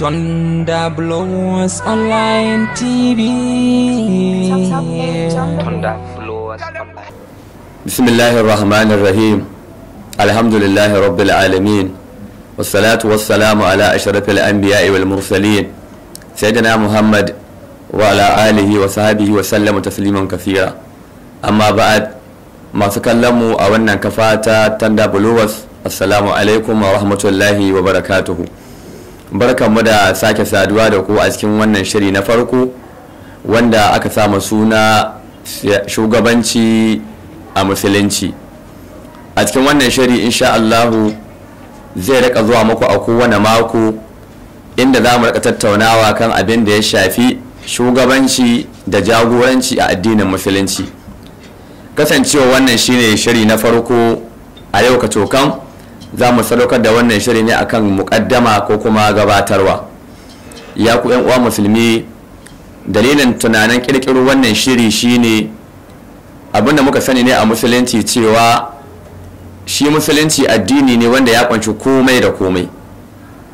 Thunder blows Online TV. Thunder Blowers Online. بسم الله الرحمن الرحيم الحمد لله رب العالمين والصلاة والسلام على أشرف الأنبياء والمرسلين سيدنا محمد وعلى آله وصحبه وسلم تسليما كثيرا أما بعد ما تكلموا أو أن كفاتا تندبلوس السلام عليكم ورحمة الله وبركاته barkanmu da sake saduwa da ku a cikin wannan shiri na farko wanda aka samu suna shugabanci a musulunci a cikin wannan shiri insha Allahu zai rika zuwa muku a kowane mako inda za mu rika tattaunawa kan abin da ya shafi shugabanci da jagoranci a addinin musulunci kasancewa wannan shine shiri na farko a yau ka tokan. za mu sadaukar da wannan shiri ne akan mukaddama ko kuma gabatarwa ya ku uwa musulmi dalilin tunanin kirkiro wannan shiri shine abinda muka sani ne a musulunci cewa shi musulunci addini ne wanda ya kwanci komai da komai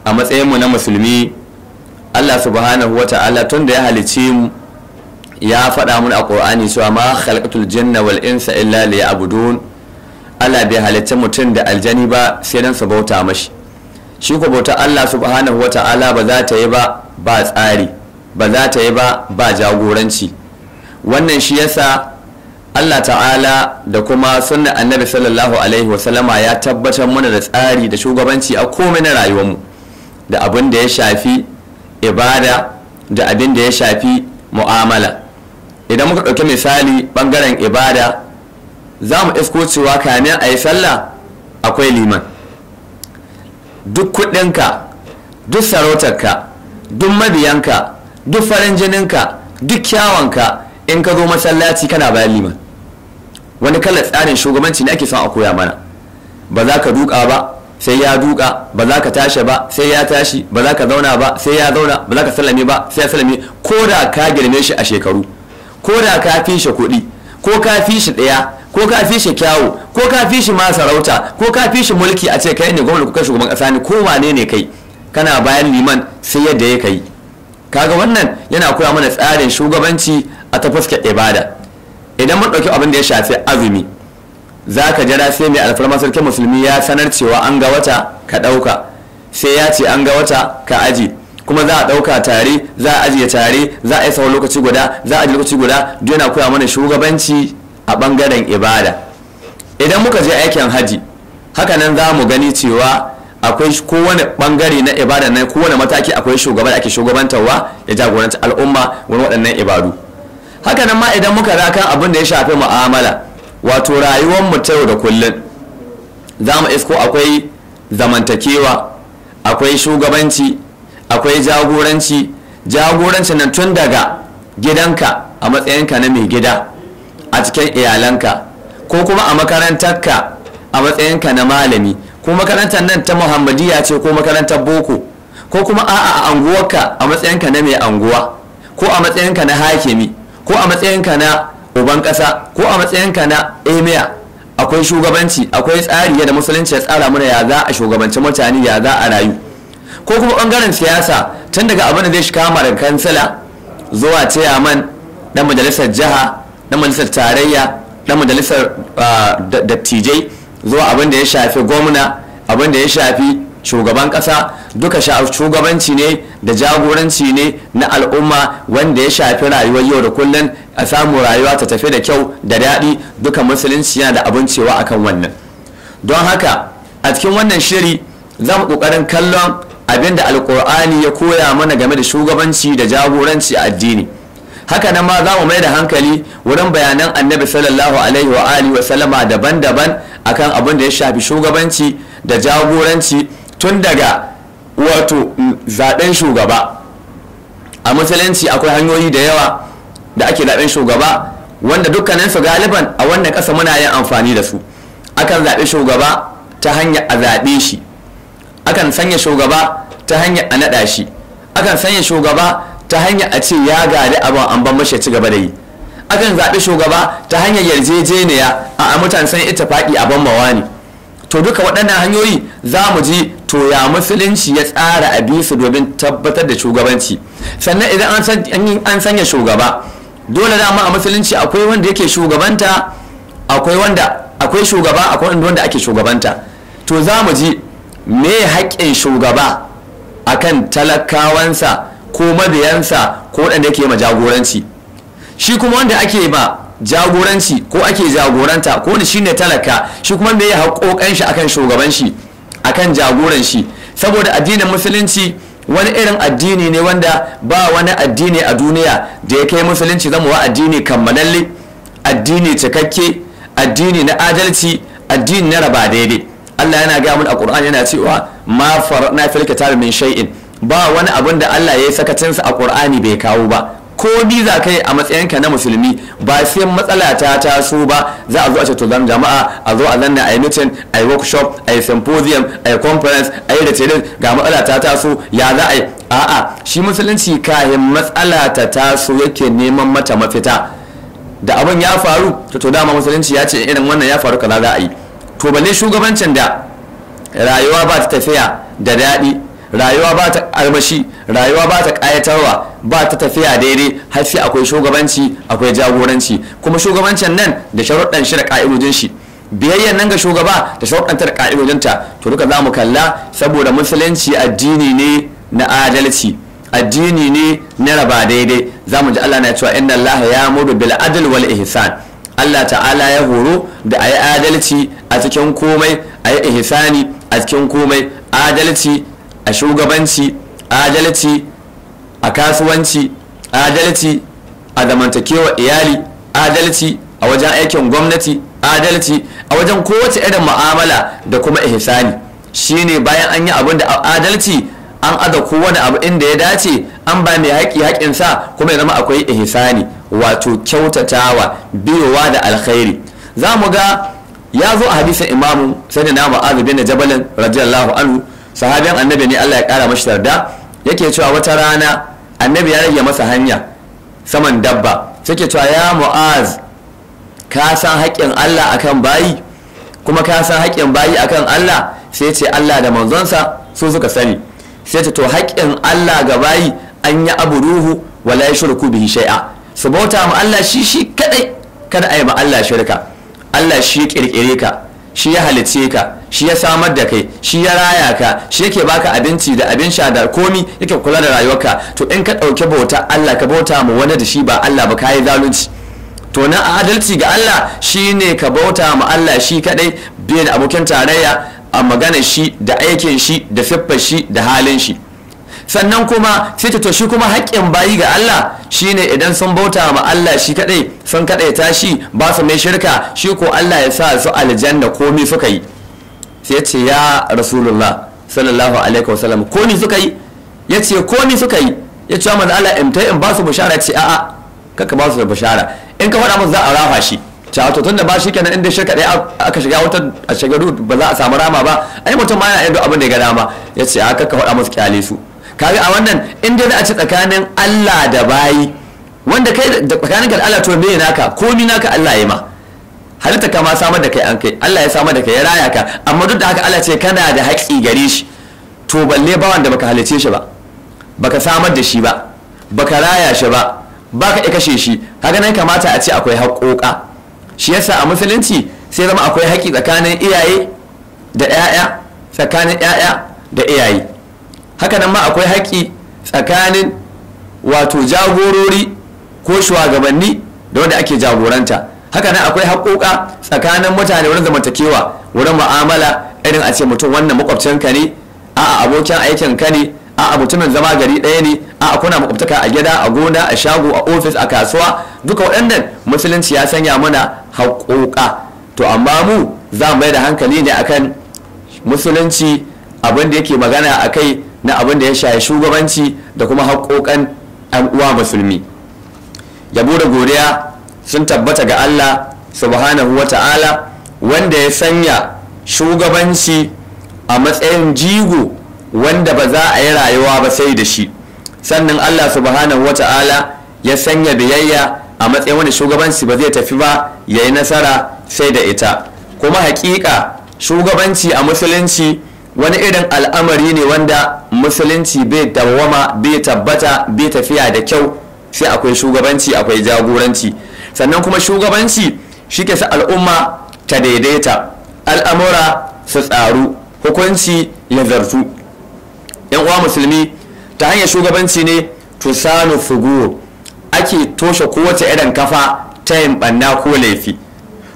a matsayinmu na musulmi allah subhanahu wa ta'ala tun da ya halice mu ya faɗa mun a ƙur'ani cewa ma khalqatul janna wal insa illa liya'budun Allah bai halitta mutum da aljani ba sai don su bauta mashi shi ko bauta Allah subhanahu wa ta'ala ba za ta yi ba ba tsari ba za ta yi ba ba jagoranci wannan shi yasa Allah ta'ala da kuma sunna annabi sallallahu alaihi wa sallama ya tabbatar mana da tsari da shugabanci a komai na rayuwarmu da abin da ya shafi ibada da abin da ya shafi mu'amala idan muka ɗauki misali ɓangaren ibada za mu isko cewa kamin a yi sallah akwai liman duk kuɗinka duk sarautarka duk mabiyanka duk farin jininka duk kyawanka in ka zo masallaci kana bayan liman wani kalar tsarin shugabanci ne ake son a koya mana ba za ka duka ba sai ya duka ba za ka tashi ba sai ya tashi ba za ka zauna ba sai ya zauna ba za ka sallame ba sai ya sallame ko da ka girme shi a shekaru ko da ka fi shi kuɗi ko ka fi shi ɗaya ko ka fi shi kyawu ko ka fi shi ma sarauta ko ka fi shi mulki a ce kai ne gwamnati ko kai shugaban kasa ne ko wane ne kai kana bayan liman sai yadda ya kai kaga wannan yana koya mana tsarin shugabanci a ta fuskar ibada idan mun dauki abin da ya shafi azumi za ka jira sai mai alfarma sarkin musulmi ya sanar cewa an ga wata ka ɗauka sai ya ce an ga wata ka aji kuma za a ɗauka tare za a ajiye tare za a yi tsawon lokaci guda za a ajiye lokaci guda duk yana koya mana shugabanci a ɓangaren ibada idan muka je aikin haji hakanan za mu gani cewa akwai kowane ɓangare na ibada na kowane mataki akwai shugaba da ake shugabantarwa ya jagoranci al'umma wani waɗannan ibadu hakanan ma idan muka raka abin da ya shafi mu'amala wato rayuwar mu ta yau da kullun za mu isko akwai zamantakewa akwai shugabanci akwai jagoranci jagoranci nan tun daga gidanka a matsayinka na mai gida a cikin iyalanka ko kuma a makarantarka a matsayinka na malami ko makarantar nan ta muhammadiyya ce ko makarantar boko ko kuma a a anguwarka a matsayinka na mai anguwa ko a matsayinka na hakimi ko a matsayinka na uban ƙasa ko a matsayinka na emir akwai shugabanci akwai tsari yadda musulunci ya tsara mana ya za a shugabanci mutane ya za a rayu ko kuma bangaren siyasa tun daga abin da zai shiga kansala zuwa kansila zuwa ciyaman dan majalisar jiha na majalisar tarayya na majalisar ah, dattijai zuwa abin da ya shafi gwamna abin da ya shafi shugaban kasa duka shugabanci ne da jagoranci ne na al'umma wanda ya shafi rayuwar yau da kullun a samu rayuwa ta tafi da kyau da daɗi duka musulunci yana da abin cewa akan wannan don haka a cikin wannan shiri za mu ƙoƙarin kallon abin da alƙur'ani ya koya mana game da shugabanci da jagoranci a addini haka nan ma za mu mai da hankali wurin bayanan annabi sallallahu alaihi wa alihi wa sallama daban-daban akan abin da ya shafi shugabanci da jagoranci tun daga wato zaben shugaba a musulunci akwai hanyoyi da yawa da ake zaben shugaba wanda dukkaninsu galiban a wannan ƙasa muna yin amfani da su akan zaɓi shugaba ta hanyar a zaɓe shi akan sanya shugaba ta hanyar a naɗa shi akan sanya shugaba ta hanyar a ce ya gari abin an ban mashi ci gaba da yi akan zaɓi shugaba ta hanyar yarjejeniya a mutane san ita faɗi a ban mawa ne to duka waɗannan hanyoyi za mu ji to ya musulunci ya tsara a bisu domin tabbatar da shugabanci sannan idan an sanya shugaba dole dama a musulunci akwai wanda yake shugabanta akwai wanda akwai shugaba akwai wanda ake shugabanta to za mu ji me haƙƙin shugaba akan talakawansa ko mabiyansa ko waɗanda ke ma jagoranci shi kuma wanda ake ma jagoranci ko ake jagoranta ko wanda shine talaka shi kuma wanda ya haƙoƙan shi akan shugaban shi akan jagoran shi saboda addinin musulunci wani irin addini ne wanda ba wani addini a duniya da ya kai musulunci zama wa addini kammalalle addini cikakke addini na adalci addini na raba daidai Allah yana gaya mun a Qur'ani yana cewa ma farna filka kitab min shay'in ba wani abin da Allah ya yi sakacinsa a Ƙur'ani bai kawo ba ko ni za ka yi a matsayinka na musulmi ba sai matsala ta taso ba za a zo a ce to jama'a a zo a zanna a yi meeting a yi workshop a yi symposium a yi conference a yi retreat ga matsala ta taso ya za a yi a'a shi musulunci kayan matsala ta taso yake neman mata mafita da abin ya faru to to dama musulunci ya ce irin wannan ya faru kaza za a yi to balle shugabancin da rayuwa ba ta tafiya da daɗi rayuwa ba ta armashi rayuwa ba ta kayatarwa ba ta tafiya daidai har sai akwai shugabanci akwai jagoranci kuma shugabancin nan da sharuɗan shi da ka'idojin shi biyayyan nan ga shugaba da sharuɗan da ka'idojinta to duka za mu kalla saboda musulunci addini ne na adalci addini ne na raba daidai za mu ji Allah na cewa inna Allah ya mudu bil adl wal ihsan Allah ta'ala ya horo da ayi adalci a cikin komai ayi ihsani a cikin komai adalci a shugabanci adalci a kasuwanci adalci a zamantakewa iyali adalci a wajen aikin gwamnati adalci a wajen kowace irin mu'amala da kuma ihsani shine bayan an yi abin da adalci an aza kowane abu inda ya dace an ba mai haƙi haƙinsa kuma ya zama akwai ihsani wato kyautatawa biyowa da alkhairi za mu ga ya zo a hadisin imamu sai da na ma'azu bin jabalin radiyallahu anhu sahabin annabi ne Allah ya kara mashi tarda yake cewa wata rana annabi ya rage masa hanya saman dabba take cewa ya mu'az ka san haƙƙin Allah akan bayi kuma ka san haƙƙin bayi akan Allah sai ce Allah da manzonsa su suka sani sai ce to haƙƙin Allah ga bayi an yi abu ruhu wala ya shirku bihi shay'a su bauta ma Allah shi shi kadai kada a yi ma Allah shirka Allah shi kirkire ka shi ya halice ka shi ya samar da kai shi ya raya ka shi yake baka abinci da abin sha da komi yake kula da rayuwarka to in ka ɗauki bauta Allah ka bauta ma wani da shi ba Allah ba ka yi zalunci to na adalci ga Allah shi ne ka bauta ma Allah shi kadai bai da abokin tarayya a magana shi da aikin shi da siffar shi da halin shi sannan kuma sai ta toshi kuma haƙƙin bayi ga Allah shine idan sun bauta ma Allah shi kadai sun kadai tashi ba su mai shirka shi ko Allah ya sa su aljanna komi suka yi sai ce ya rasulullah sallallahu alaihi wasallam komi suka yi ya ce komi suka yi ya ce manzo Allah in in ba su bushara ce a'a kaka ba su bushara in ka faɗa musu za a rafa shi ta to tunda ba shi kenan inda shirka ɗaya aka shiga wata a shagaru ba za a samu rama ba ai mutum ma yana yin abin da ya ga dama ya ce a ka faɗa musu kyale su kaga a wannan in dai a ci tsakanin Allah da bayi wanda kai da tsakanin ka da Allah to me naka komi naka Allah ya ma halitta ka ma samar da kai an kai Allah ya samar da kai ya raya ka amma duk da haka Allah ce kana da haƙƙi gare shi to balle ba wanda baka halice shi ba baka samar da shi ba baka raya shi ba baka iya kashe shi kaga nan kamata a ce akwai haƙoƙa shi yasa a musulunci sai zama akwai haƙƙi tsakanin iyaye da 'ya'ya tsakanin 'ya'ya da iyaye hakanan ma akwai haƙƙi tsakanin wato jagorori ko shugabanni da wanda ake jagoranta haka nan akwai haƙoƙa tsakanin mutane wurin zamantakewa wurin mu'amala irin a ce mutum wannan makwabcinka ne a abokin aikin ka ne a mutumin zama gari ɗaya ne a kuna makwabtaka a gida a gona a shago a ofis a kasuwa duka waɗannan musulunci ya sanya mana haƙoƙa to amma mu za mu mai da hankali ne akan musulunci abin da yake magana a kai na abin da ya shaye shugabanci da kuma haƙoƙan uwa musulmi yabo da godiya sun tabbata ga allah subhanahu wa ta'ala wanda ya sanya shugabanci a matsayin jigo wanda ba za a yi rayuwa ba sai da shi sannan allah subhanahu wa ta'ala ya sanya biyayya a matsayin wani shugabanci ba zai tafi ba ya yi nasara sai da ita kuma hakika shugabanci a musulunci wani irin al'amari ne wanda musulunci bai dawama bai tabbata bai tafiya da kyau sai akwai shugabanci akwai jagoranci sannan kuma shugabanci shi ke sa al'umma ta daidaita al'amura su tsaru hukunci ya zartu yan uwa musulmi ta hanyar shugabanci ne tusanu fuguro ake toshe kowace irin kafa ta yin banna ko laifi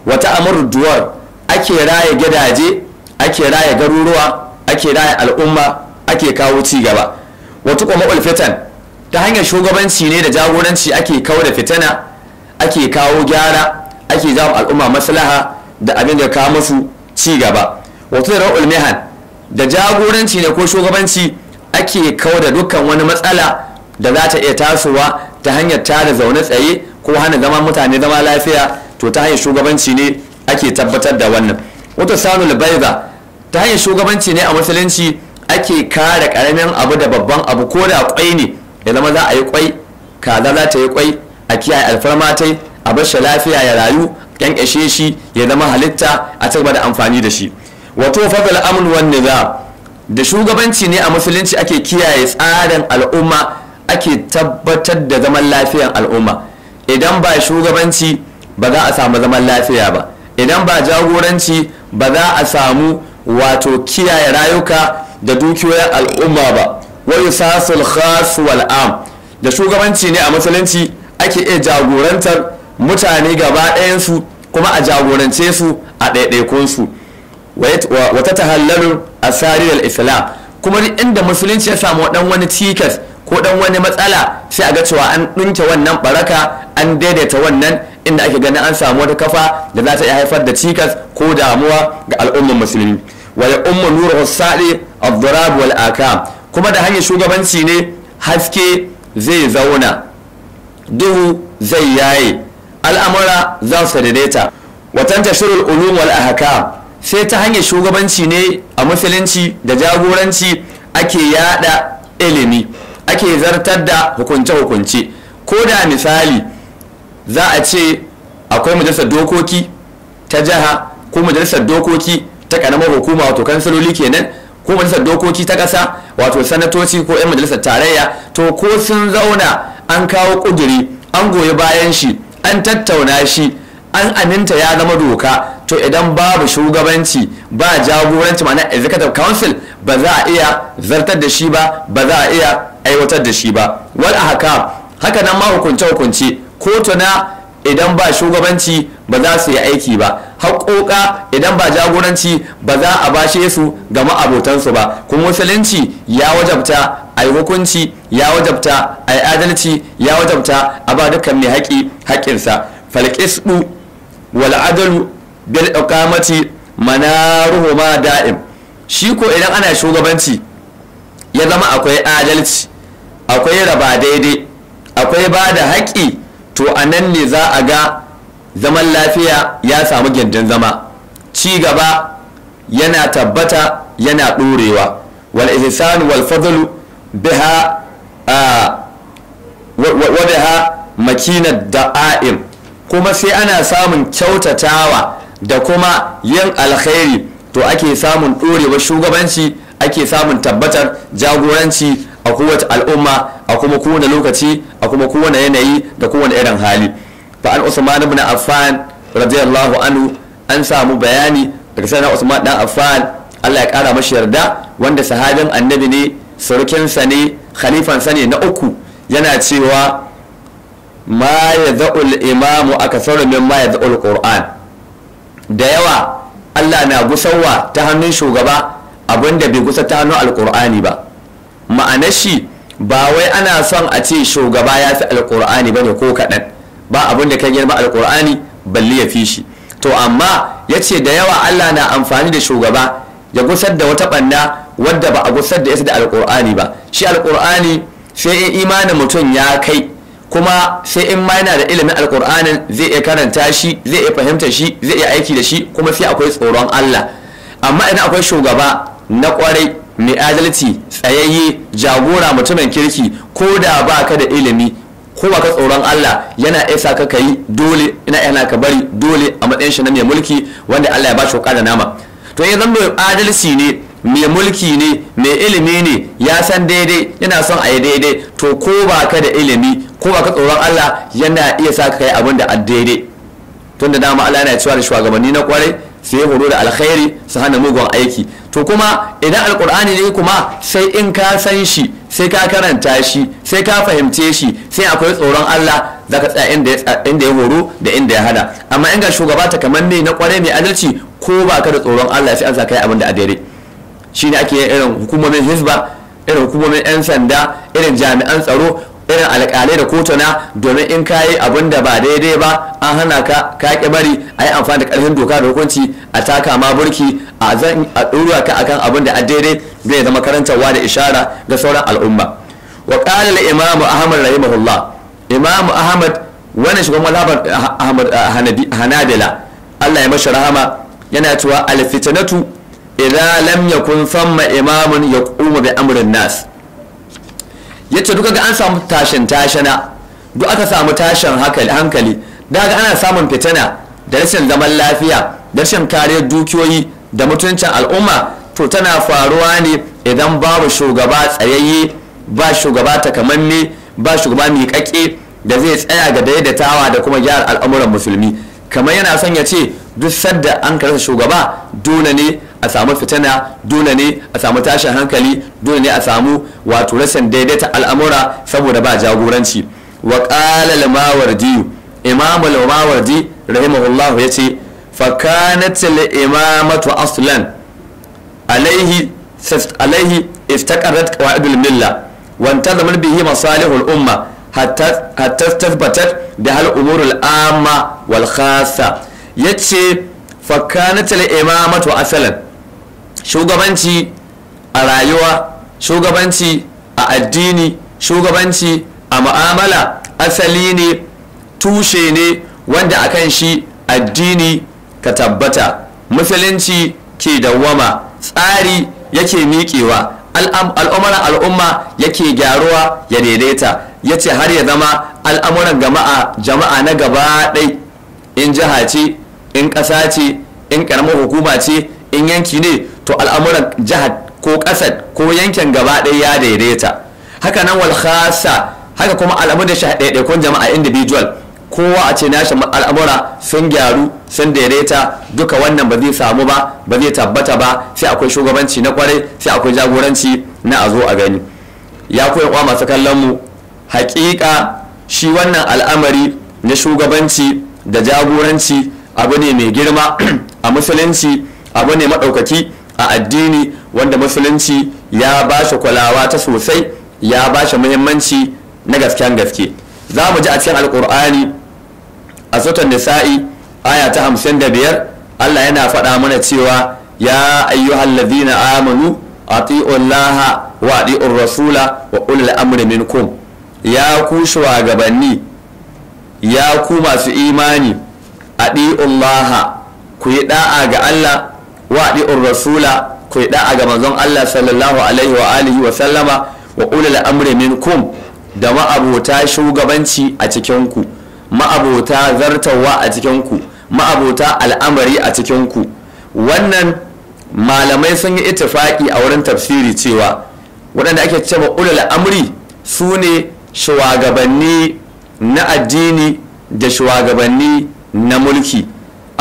wata amur duwar ake raya gidaje ake raya garuruwa ake raya al'umma ake kawo ci gaba wato kuma fitan ta hanyar shugabanci ne da jagoranci ake kawo da fitana ake kawo gyara ake jawo al'umma maslaha da abin da kawo musu ci gaba wato da mihan da jagoranci ne ko shugabanci ake kawo da dukkan wani matsala da za ta iya tasowa ta hanyar da zaune tsaye ko hana zama mutane zama lafiya to ta hanyar shugabanci ne ake tabbatar da wannan wato sanu baiza ta hanyar shugabanci ne a musulunci ake kare karamin abu da babban abu ko da kwai ne ya zama za a yi kwai kaza za ta yi kwai a kiyaye alfarma ta a bar shi lafiya ya rayu yankashe shi ya zama halitta a ci gaba da amfani da shi wato fadal amun wan da shugabanci ne a musulunci ake kiyaye tsarin al'umma ake tabbatar da zaman lafiyan al'umma idan ba shugabanci ba za a samu zaman lafiya ba idan ba jagoranci ba za a samu wato kiyaye rayuka da dukiyoyin al'umma ba wai sasul khas wal am da shugabanci ne a musulunci ake iya jagorantar mutane gaba ɗayansu kuma a jagorance su a ɗaiɗaikunsu wata tahallalu a sariyar islam kuma inda musulunci ya samu ɗan wani tikas ko ɗan wani matsala sai a ga cewa an ɗinke wannan baraka an daidaita wannan inda ake ganin an samu wata kafa da za ta iya haifar da cikas ko damuwa ga al'ummar musulmi wa ya umma nuru sadi ad wal akam kuma da hanyar shugabanci ne haske zai zauna duhu zai yaye al'amura za su daidaita wa al ulum wal ahkam sai ta hanyar shugabanci ne a musulunci da jagoranci ake yada ilimi ake zartar da hukunce-hukunce ko da misali za a ce akwai majalisar dokoki ta jiha ko majalisar dokoki ta karamar hukuma wato kansaloli kenan ko majalisar dokoki ta ƙasa wato sanatoci ko 'yan majalisar tarayya to ko sun zauna an kawo ƙuduri an goyi bayan shi an tattauna shi an aminta ya zama doka to idan babu shugabanci ba jagoranci ma'ana executive council ba za a iya zartar da shi ba ba za a iya aiwatar da shi ba wal ahkam haka nan ma hukunce hukunce kotuna idan ba shugabanci ba za su yi aiki ba haƙoƙa idan ba jagoranci ba za a bashe su ga ma'abotansu ba kuma musulunci ya wajabta a yi hukunci ya wajabta a yi adalci ya wajabta a ba dukkan mai haƙi haƙinsa falƙisɗu wal adalu bil manaruhu manaruhuma da'im shi ko idan ana shugabanci ya zama akwai adalci akwai raba daidai akwai ba da haƙi to a nan ne za a ga zaman lafiya ya samu gindin zama ci gaba yana tabbata yana ɗorewa wal ihsan wal fadl biha wa biha makina da'a'im kuma sai ana samun kyautatawa da kuma yin alkhairi to ake samun ɗorewa shugabanci ake samun tabbatar jagoranci a kowace al'umma a kuma kowane lokaci a kuma kowane yanayi da kowane irin hali fa an usman ibn affan radiyallahu anhu an samu bayani daga sayyidina usman dan affan Allah ya kara mashi yarda wanda sahabin annabi ne surukinsa ne khalifansa ne na uku yana cewa ma ya za'ul imamu aka min ma ya za'ul qur'an da yawa Allah na gusarwa ta hannun shugaba abinda bai gusa ta hannun alqur'ani ba ma'anar shi ba wai ana son a ce shugaba ya fi alkur'ani ba ne ko kaɗan ba abin da kan girma alkur'ani balli ya fi shi to amma ya ce da yawa allah na amfani da shugaba ya gusar da wata ɓanna wadda ba a gusar da ya da alkur'ani ba shi alkur'ani sai in imanin mutum ya kai kuma sai in ma yana da ilimin alkur'anin zai iya karanta shi zai iya fahimta shi zai iya aiki da shi kuma sai akwai tsoron Allah amma idan akwai shugaba na kwarai mai adalci tsayayye jagora mutumin kirki ko da ba ka da ilimi ko ba ka tsoron Allah yana isa ka kai dole ina yana ka bari dole a matsayin shi na mai mulki wanda Allah ya ba shi da nama to yanzu zan adalci ne mai mulki ne mai ilimi ne ya san daidai yana son a yi daidai to ko ba ka da ilimi ko ba ka tsoron Allah yana iya sa ka kai abin da daidai tunda dama Allah yana cewa da shugabanni na kwarai sai horo da alkhairi su hana mugun aiki to kuma idan alkur'ani ne kuma sai in ka san shi sai ka karanta shi sai ka fahimce shi sai akwai tsoron Allah zaka tsaya inda ya horo da inda ya hada amma in ga shugaba ta kamar ne na kwarai mai adalci ko ba ka da tsoron Allah sai an sa kai abin da a shi ne ake irin hukumomin hizba irin hukumomin 'yan sanda irin jami'an tsaro irin alƙalai da kotuna domin in ka yi abin da ba daidai ba an hana ka ka ƙi bari a yi amfani da ƙarfin doka da hukunci a taka ma burki a zan a ɗora ka akan abin da a daidai zai zama karantarwa da ishara ga sauran al'umma wa qala al-imam ahmad rahimahullah imam ahmad wannan shugaban mazhabar eh, ahmad eh, hanabila Allah ya mashi rahama yana cewa al-fitnatu idza lam yakun thamma imamun yaqumu bi amrin nas yace duka ga an samu tashin tashana duk aka samu tashin hankali da ana samun fitina da rashin zaman lafiya da rashin kariyar dukiyoyi da mutuncin al'umma to tana faruwa ne idan babu shugaba tsayayye ba shugaba takamamme ba shugaba miƙaƙƙe da zai tsaya ga daidaitawa da kuma gyara al'amuran musulmi kamar yana son ya ce duk sadda an karasa shugaba dole ne a samu fitina dole ne a samu tashin hankali dole ne a samu wato rashin daidaita al'amura saboda ba jagoranci wa qala al-mawardi imam al-mawardi rahimahullah yace fa kanat al-imamatu aslan alaihi alaihi istaqarrat qawaid al-milla wa intazamat bihi masalihul umma hatta hatta tathbatat bi al amma wal khassa yace fa kanat al-imamatu aslan shugabanci a rayuwa shugabanci a addini shugabanci a ma'amala asali ne tushe ne wanda akan shi addini ka tabbata musulunci ke dawwama tsari yake miƙewa al'amuran al'umma yake gyaruwa ya daidaita ya ce har ya zama al'amuran gama'a jama'a na gaba ɗai in jiha ce in ƙasa ce in ƙaramin hukuma ce in yanki ne to al'amuran jihar ko ƙasar ko yankin gaba ɗaya ya daidaita haka nan wal khasa haka kuma al'amuran shi kun jama'a individual kowa a ce nashi al'amura sun gyaru sun daidaita duka wannan ba zai samu ba ba zai tabbata ba sai akwai shugabanci na kwarai sai akwai jagoranci na a zo a gani ya koyi kwa masu kallon mu hakika shi wannan al'amari na shugabanci da jagoranci abu ne mai girma a musulunci abu ne maɗaukaki a addini wanda musulunci ya ba shi kulawa ta sosai ya ba shi muhimmanci na gasken gaske za mu ji a cikin alkur'ani a sutan nisa'i aya ta hamsin da biyar allah yana faɗa mana cewa ya ayyuhal ladina amanu ati'un laha wa ati'un rasula wa ulul amri minkum ya ku shugabanni ya ku masu imani ati'un laha ku yi ɗa'a ga allah Waɗi rasula ku yi da'a ga manzon Allah sallallahu alaihi wa alihi wa sallama wa ulul amri minkum da ma'abota shugabanci a cikin ku ma'abota zartawa a cikin ku ma'abota al'amari a cikin ku wannan malamai sun yi ittifaki a wurin tafsiri cewa waɗanda ake cewa ulul amri su ne shugabanni na addini da shugabanni na mulki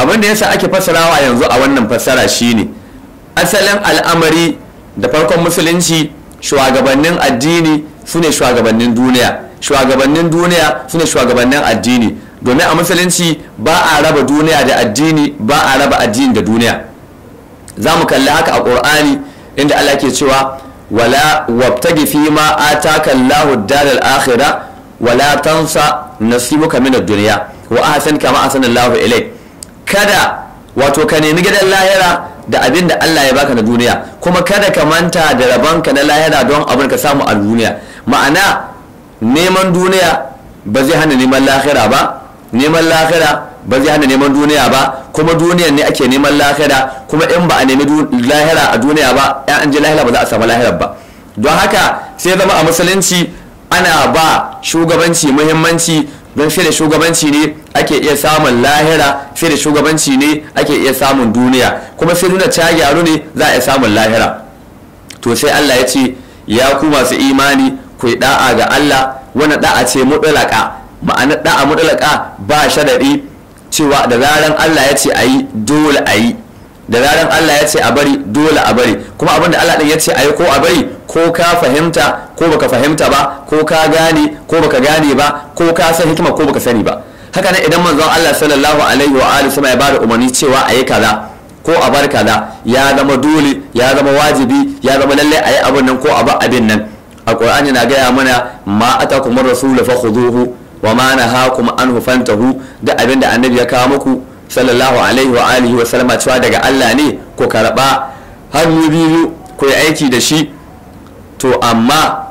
abinda da yasa ake fassarawa yanzu a wannan fasara shine asalin al'amari da farkon musulunci shugabannin addini su ne shugabannin duniya shugabannin duniya su ne shugabannin addini domin a musulunci ba a raba duniya da addini ba a raba addini da duniya za mu kalli haka a ƙur'ani inda Allah ke cewa wala wabtagi fi ma ataka Allahu daral akhirah wala tansa nasibuka min ad-dunya wa hasan kama ahsana Allahu ilayk kada wato ka nemi gidan lahira da abin da Allah ya baka na duniya kuma kada ka manta da rabon ka na lahira don abin ka samu a duniya ma'ana neman duniya ba zai hana neman lahira ba neman lahira ba zai hana neman duniya ba kuma duniyan ne ake neman lahira kuma in ba a nemi lahira a duniya ba ya an je lahira ba za a samu lahira ba don haka sai zama a musulunci ana ba shugabanci muhimmanci don sai da shugabanci ne ake iya samun lahira sai da shugabanci ne ake iya samun duniya kuma sai nuna ta gyaru ne za a iya samun lahira to sai Allah ya ce ya ku masu imani ku yi da'a ga Allah wani da'a ce mutlaka ma'ana da'a mutlaka ba shadari cewa da zaran Allah ya ce ayi dole ayi da zaran Allah ya ce a bari dole a bari kuma abin da Allah din ya ce ayi ko a bari ko ka fahimta ko baka fahimta ba ko ka gane ko baka gane ba ko ka san hikima ko baka sani ba haka nan idan manzon Allah sallallahu alaihi wa alihi sama ya bada umarni cewa ayi kaza ko a bar kaza ya zama dole ya zama wajibi ya zama lalle ayi abin nan ko a bar abin nan alqur'ani na gaya mana ma atakumur rasul fa khuduhu wa ma nahakum anhu fantahu da abinda annabi ya kawo muku sallallahu alaihi wa alihi wa sallama cewa daga Allah ne ko karba hannu biyu ko aiki da shi to amma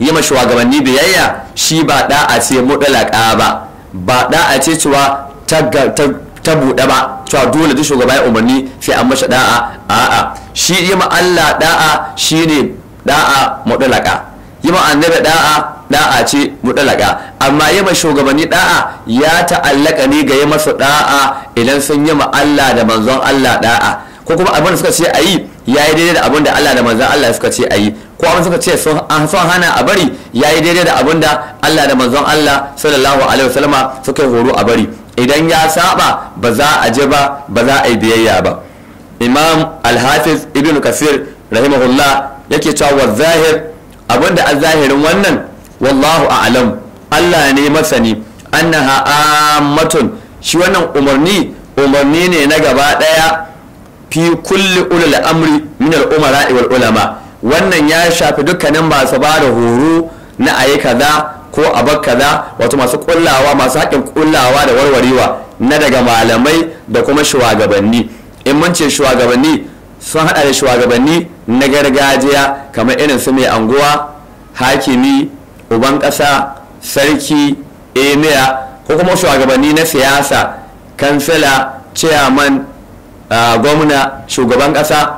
yi ma shugabanni biyayya shi ba a ce mutlaka ba ba a ce cewa ta buɗe ba cewa dole duk shugaba ya umarni sai an mashi da'a a'a shi yi ma Allah da'a ne da'a mutlaka yi ma annabi da'a da'a ce mutlaka amma yi ma shugabanni da'a ya ta'allaka ne ga yi masa da'a idan sun yi ma Allah da manzon Allah da'a ko kuma abin da suka ce a yi ya yi daidai da abin da Allah da manzon Allah suka ce a yi ko abin suka ce sun hana a bari ya yi daidai da abin da Allah da manzon Allah sallallahu alaihi wasallama suka yi horo a bari idan ya saba ba za a je ba ba za a yi biyayya ba imam alhafiz ibn kasir rahimahullah yake cewa wa zahir abin da zahirin wannan wallahu a'lam Allah ne masani annaha ammatun shi wannan umarni umarni ne na gaba daya fi kulli ulul amri min al umara wal ulama wannan ya shafi dukkanin masu ba da horo na ayi kaza ko bar kaza wato masu kullawa masu haƙin kullawa da warwarewa na daga malamai da kuma shugabanni in mun ce shugabanni sun haɗa da shugabanni na gargajiya kamar irin su mai anguwa hakimi uban ƙasa sarki emir ko kuma shugabanni na siyasa kansila chairman ah, gwamna shugaban ƙasa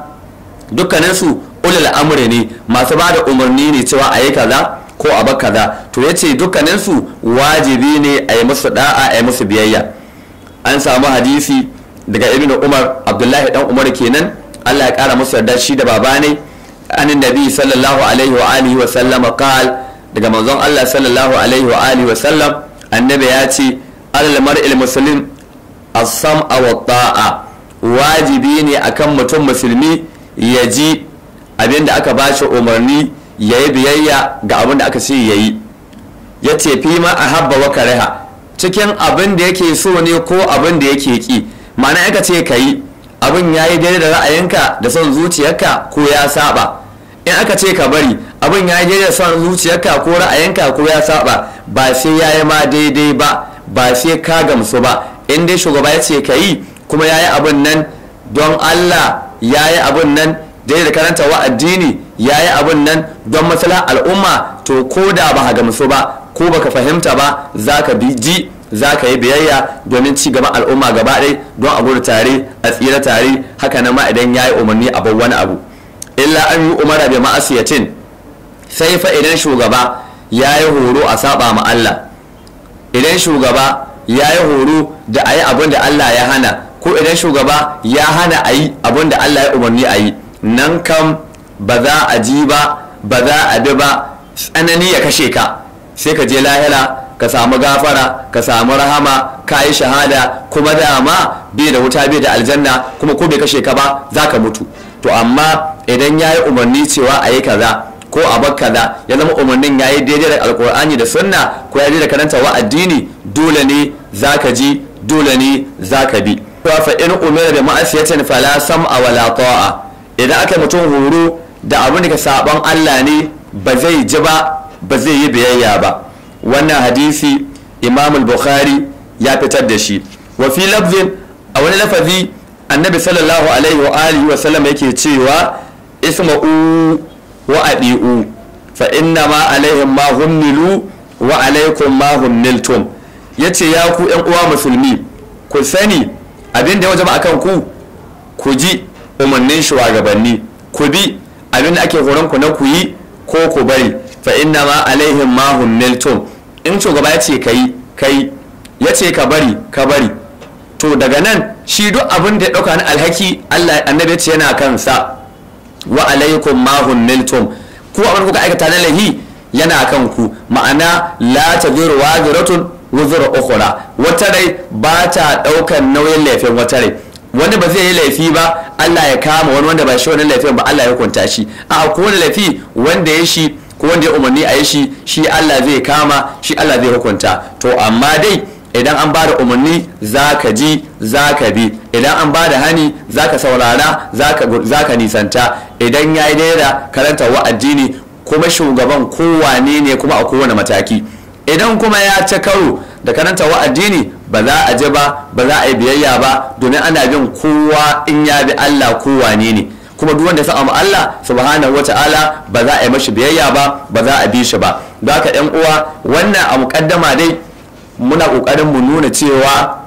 dukkaninsu ulul amri ne masu ba da umarni ne cewa a yi kaza ko a bar kaza to ya ce dukkaninsu wajibi ne a yi musu da'a a yi musu biyayya an samu hadisi daga ibnu umar abdullahi dan umar kenan allah ya kara musu yarda shi da baba ne an nabi sallallahu alaihi wa alihi wa sallam qal daga manzon allah sallallahu alaihi wa alihi wa sallam annabi ya ce alal mar'il muslim as-sam'a wa ta'a wajibi ne akan mutum musulmi ya ji abin da aka bashi umarni ya yi biyayya ga abin da aka ce ya yi ya ce fi ma a habba wa kareha cikin abin da yake so ne ko abin da yake ki ma'ana aka ce ka yi abin ya yi daidai da ra'ayinka da son zuciyarka ko ya saba in aka ce ka bari abin ya yi daidai da son zuciyarka ko ra'ayinka ko ya saba ba sai ya yi ma daidai ba ba sai ka gamsu ba in dai shugaba ya ce ka yi kuma ya yi abin nan don allah ya yi abin nan dai da karanta wa addini ya yi abun nan don matsala al'umma to ko da ba ga gamsu ba ko baka fahimta ba zaka bi ji za ka yi biyayya domin ci gaban al'umma gaba ɗaya don a gudu tare a tsira tare haka nan ma idan ya yi umarni a bar wani abu illa an yi umara bi ma'asiyatin sai fa idan shugaba ya yi horo a saba ma Allah idan shugaba ya yi horo da a yi abin da Allah ya hana ko idan shugaba ya hana a yi abin da Allah ya umarni a yi nan kam ba za a ji ba ba za a bi ba tsanani ya kashe ka sai ka je lahira ka samu gafara ka samu rahama ka yi shahada kuma dama bai da wuta bai da aljanna kuma ko bai kashe ka ba za ka mutu to amma idan ya yi umarni cewa a yi kaza ko a bar kaza ya zama umarnin ya yi daidai da alkur'ani da sunna ko ya da karanta wa addini dole ne za ka ji dole ne za ka bi. fa in umira da ma'asiyatin fala sam'a wala ta'a idan aka mutum horo da abin da saban Allah ne ba zai ji ba ba zai yi biyayya ba wannan hadisi imam bukhari ya fitar da shi wa fi lafzin a wani lafazi annabi sallallahu alaihi wa alihi wa sallam yake cewa isma'u wa adi'u fa inna ma alaihim ma humnilu wa alaikum ma humniltum yace ya ku yan uwa musulmi ku sani abin da ya wajaba akan ku ku ji umarnin shugabanni ku bi abin da ake horon ku na ku yi ko ku bari fa inna ma alaihim ma miltum in shugaba ya ce kai kai ya ce ka bari ka bari to daga nan shi duk abin da ya dauka na alhaki Allah annabi ce yana kansa wa alaikum ma miltum ku abin kuka aikata na lahi yana kan ku ma'ana la tadiru waziratun wuzur ukhra wata rai ba ta daukan nauyin laifin wata rai wani ba zai yi laifi ba Allah ya kama wani wanda ba shi wani laifin ba Allah ya hukunta shi a ko wani laifi wanda ya shi ko wanda ya umarni a yi shi shi Allah zai kama shi Allah zai hukunta to amma dai idan an ba da umarni za ka ji za ka bi idan an ba da hani za ka saurara za ka nisanta idan ya yi daida karanta wa addini kuma shugaban kowane ne kuma a kowane mataki idan kuma ya ci karo da karanta wa addini ba za a je ba ba za a yi biyayya ba domin ana bin kowa in ya bi Allah kowa ne ne kuma duk wanda ya samu Allah subhanahu wata'ala ba za a yi mashi biyayya ba ba za a bi shi ba don haka yan uwa wannan a mukaddama dai muna kokarin mu nuna cewa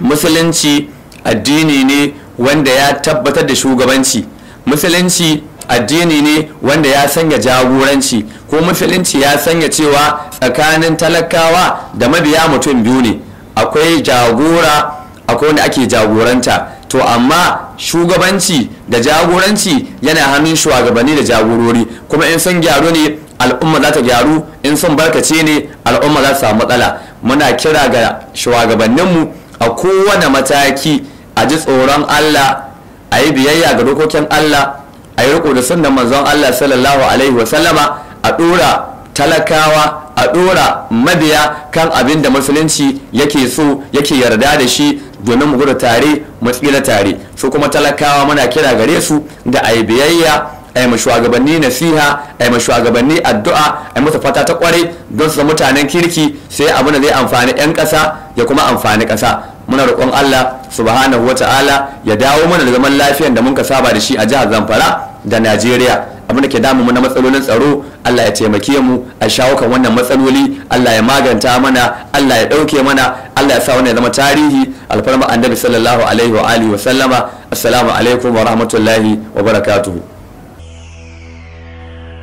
musulunci addini ne wanda ya tabbatar da shugabanci musulunci addini ne wanda ya sanya jagoranci ko musulunci ya sanya cewa tsakanin talakawa da mabiya mutum biyu ne akwai jagora akwai wanda ake jagoranta to amma shugabanci da jagoranci yana hannun shugabanni da jagorori kuma in sun gyaru ne al'umma za ta gyaru in sun barkace ne al'umma za ta samu matsala muna kira ga shugabanninmu a kowane mataki a ji tsoron allah a yi biyayya ga dokokin allah a yi riko da sunnan manzon allah sallallahu alaihi wasallama a ɗora talakawa a ɗora mabiya kan abin da musulunci yake so yake yarda da shi domin mu gudu tare mu tsira tare su kuma talakawa muna kira gare su da a biyayya a yi shugabanni nasiha a yi shugabanni addu'a a yi musu fata ta kwarai don su mutanen kirki sai abin da zai amfani 'yan ƙasa ya kuma amfani ƙasa muna roƙon Allah subhanahu wa ta'ala ya dawo mana da zaman lafiyan da mun ka saba da shi a jihar Zamfara da Najeriya abin da ke damu mu na matsalolin tsaro Allah ya taimake mu a shawo wannan matsaloli Allah ya maganta mana Allah ya ɗauke mana Allah ya sa wannan ya zama tarihi alfarma annabi sallallahu alaihi wa alihi wa sallama assalamu alaikum wa rahmatullahi wa barakatuhu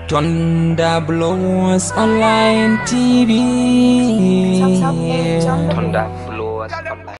Tonda Blowers Online TV Tonda Blowers Online